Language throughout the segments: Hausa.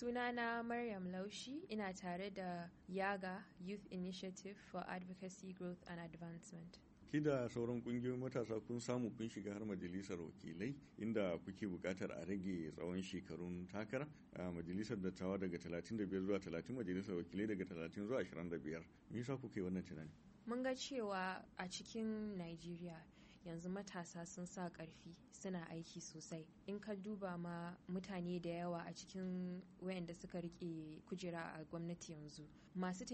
Sunana Maryam Laushi ina tare da Yaga Youth Initiative for Advocacy, Growth and Advancement. ki da sauran kungiyoyin matasa kun samu kun shiga har majalisar wakilai inda kuke bukatar a rage tsawon shekarun takara a majalisar dattawa daga 35 zuwa 30 majalisar wakilai daga 30 zuwa 25 me yasa kuke wannan tunani mun ga cewa a cikin nigeria. yanzu matasa sun sa ƙarfi suna aiki sosai in ka duba ma mutane da yawa a cikin wayanda suka rike kujera a gwamnati yanzu masu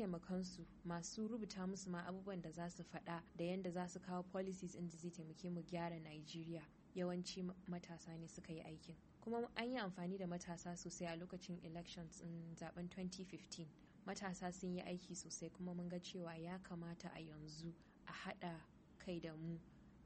su masu rubuta musu ma abubuwan da za su faɗa da yanda za su kawo policies in da zai taimake mu gyara Najeriya yawanci matasa ne suka yi aikin kuma an yi amfani da matasa sosai a lokacin elections in zaben 2015 matasa sun yi aiki sosai kuma mun ga cewa ya kamata a yanzu a haɗa kai da mu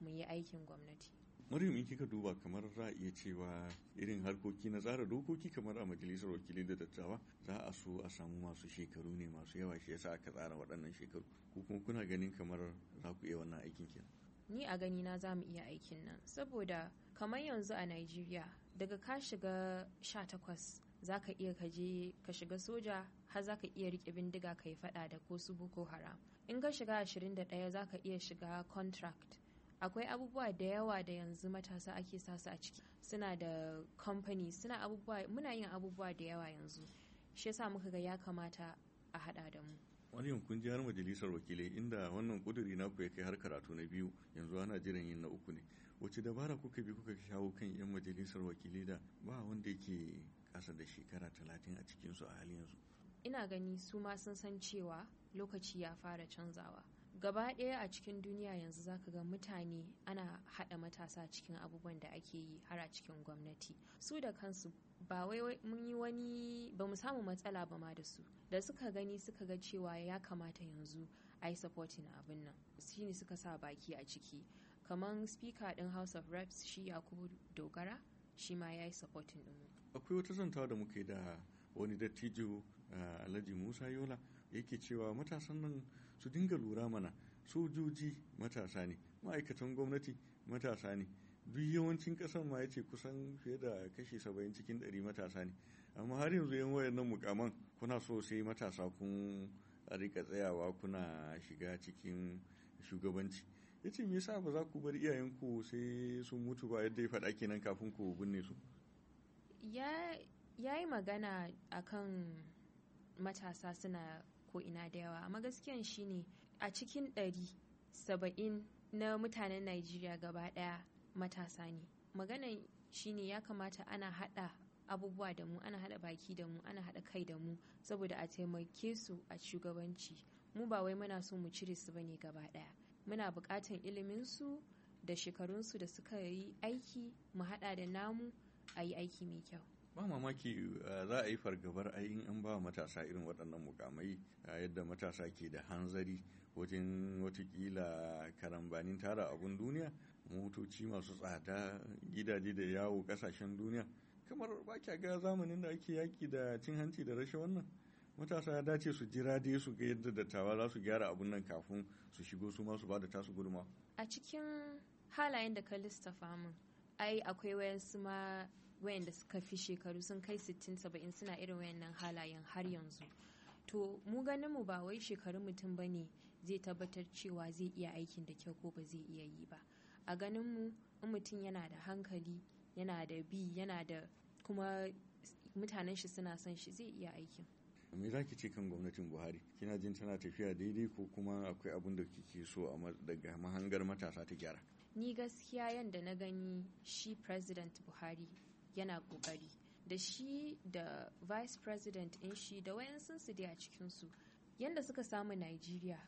mu yi aikin gwamnati Maryam in kika duba kamar za a iya cewa irin harkoki na tsara dokoki kamar a majalisar wakilai da dattawa za a so a samu masu shekaru ne masu yawa shi yasa aka tsara waɗannan shekaru ko kuma kuna ganin kamar za ku iya wannan aikin kenan ni a gani na za mu iya aikin nan saboda kamar yanzu a Najeriya daga ka shiga 18 za ka iya kaje ka shiga soja har za ka iya rike bindiga ka yi fada da ko su boko haram in ka shiga ashirin da ɗaya za ka iya shiga contract akwai abubuwa da yawa da yanzu matasa ake sasu a ciki suna da kamfani suna abubuwa muna yin abubuwa da yawa yanzu shi yasa muka ga ya kamata a hada da mu wani kun ji har majalisar wakilai inda wannan kuduri na ya kai har karatu na biyu yanzu ana jiran yin na uku ne wace dabara kuka bi kuka shawo kan yan majalisar wakilai da ba wanda yake kasa da shekara talatin a cikinsu a halin yanzu ina gani su ma sun san cewa lokaci ya fara canzawa gaba ɗaya a cikin duniya yanzu zaka ga mutane ana haɗa matasa cikin abubuwan da ake yi har a cikin gwamnati su da kansu ba wai mun yi wani ba mu samu matsala ba ma da su da suka gani suka ga cewa ya kamata yanzu a yi supporting abin nan shine suka sa baki a ciki kamar speaker ɗin house of reps shi yakubu dogara shi ma ya yi supporting ɗinmu akwai wata zantawa da muke da wani dattijo eh, alhaji musa yola yake cewa matasan nan su dinga lura mana sojoji matasa ne ma'aikatan gwamnati matasa ne duk yawancin kasan ma yace kusan fiye da kashi saba'in cikin ɗari matasa ne amma har yanzu yan wayan nan mukaman kuna so sai matasa kun rika tsayawa kuna shiga cikin shugabanci ya ce me yasa ba za ku bar iyayenku sai sun mutu ba yadda ya faɗa kenan kafin ku binne su ya yi magana akan matasa suna ko ina da yawa amma gaskiyan shine a cikin ɗari saba'in na mutanen najeriya gaba ɗaya matasa ne maganan shine ya kamata ana haɗa abubuwa da mu ana haɗa baki da mu ana haɗa kai da mu saboda a taimake su a shugabanci mu ba wai muna so mu cire su bane gaba ɗaya muna buƙatan ilimin su da shekarun su da suka yi aiki mu haɗa da namu a yi aiki mai kyau ba mamaki eh, za a yi fargabar ayin an ba matasa irin waɗannan mukamai a eh, yadda matasa ke da hanzari wajen watakila karambanin tara abun duniya motoci masu tsada gidaje da yawo ƙasashen duniya kamar ba kya ga zamanin da ake yaƙi da cin hanci da rashe wannan matasa ya dace su jira dai su ga yadda dattawa za su gyara abun nan kafin su shigo su ma su ba da tasu gulma a cikin halayen da ka lissafa min ai akwai wayansu ma wayanda suka fi shekaru sun kai 60-70 suna irin wayannan halayen har yanzu to mu ganin mu ba wai shekarun mutum ba ne zai tabbatar cewa zai iya aikin da kyau ko ba zai iya yi ba a ganin mu in mutum yana da hankali yana da bi yana da kuma mutanen shi suna son shi zai iya aikin me za ki ce kan gwamnatin buhari kina jin tana tafiya daidai ko kuma akwai abin da kike so a daga mahangar matasa ta gyara ni gaskiya yadda na gani shi president buhari yana ƙoƙari da shi da vice president in shi da wayansu su dai a cikin su yadda suka samu nigeria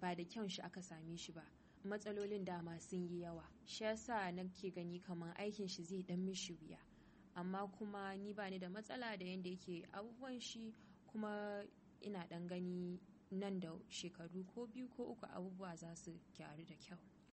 ba da kyan shi aka same shi ba matsalolin dama sun yi yawa shi yasa nake gani kamar aikin shi zai dan mishi wuya amma kuma ni ba ni da matsala da yadda yake abubuwan shi kuma ina dan gani nan da shekaru ko biyu ko uku abubuwa za su gyaru da kyau